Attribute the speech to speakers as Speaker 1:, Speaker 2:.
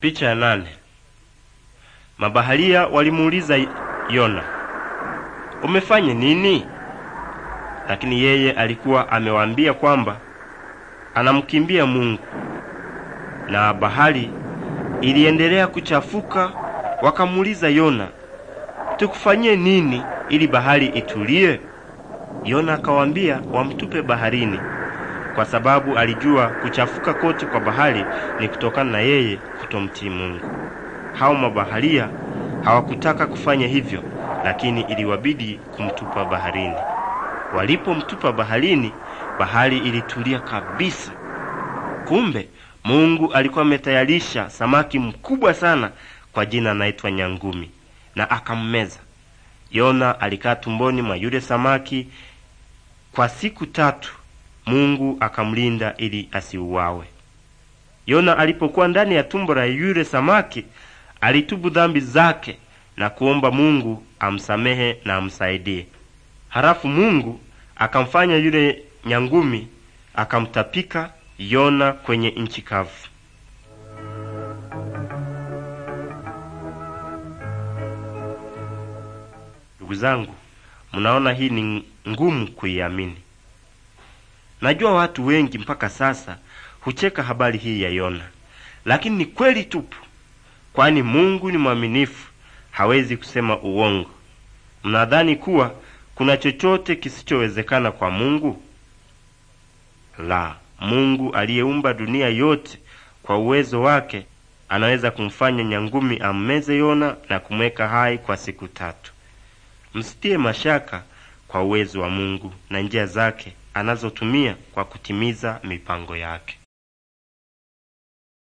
Speaker 1: Picha ya nane. Mabaharia walimuuliza Yona, umefanya nini? Lakini yeye alikuwa amewaambia kwamba anamkimbia Mungu, na bahari iliendelea kuchafuka. Wakamuuliza Yona, tukufanyie nini ili bahari itulie? Yona akawaambia wamtupe baharini kwa sababu alijua kuchafuka kote kwa bahari ni kutokana na yeye kutomtii Mungu. Hao mabaharia hawakutaka kufanya hivyo, lakini iliwabidi kumtupa baharini. Walipomtupa baharini, bahari ilitulia kabisa. Kumbe Mungu alikuwa ametayarisha samaki mkubwa sana kwa jina anaitwa nyangumi, na akammeza. Yona alikaa tumboni mwa yule samaki kwa siku tatu Mungu akamlinda ili asiuawe. Yona alipokuwa ndani ya tumbo la yule samaki, alitubu dhambi zake na kuomba Mungu amsamehe na amsaidie. Halafu Mungu akamfanya yule nyangumi akamtapika Yona kwenye nchi kavu. Ndugu zangu, mnaona hii ni ngumu kuiamini. Najua watu wengi mpaka sasa hucheka habari hii ya Yona, lakini ni kweli tupu, kwani Mungu ni mwaminifu, hawezi kusema uwongo. Mnadhani kuwa kuna chochote kisichowezekana kwa Mungu? La, Mungu aliyeumba dunia yote kwa uwezo wake anaweza kumfanya nyangumi ammeze Yona na kumweka hai kwa siku tatu. Msitie mashaka kwa uwezo wa Mungu na njia zake anazotumia kwa kutimiza mipango yake.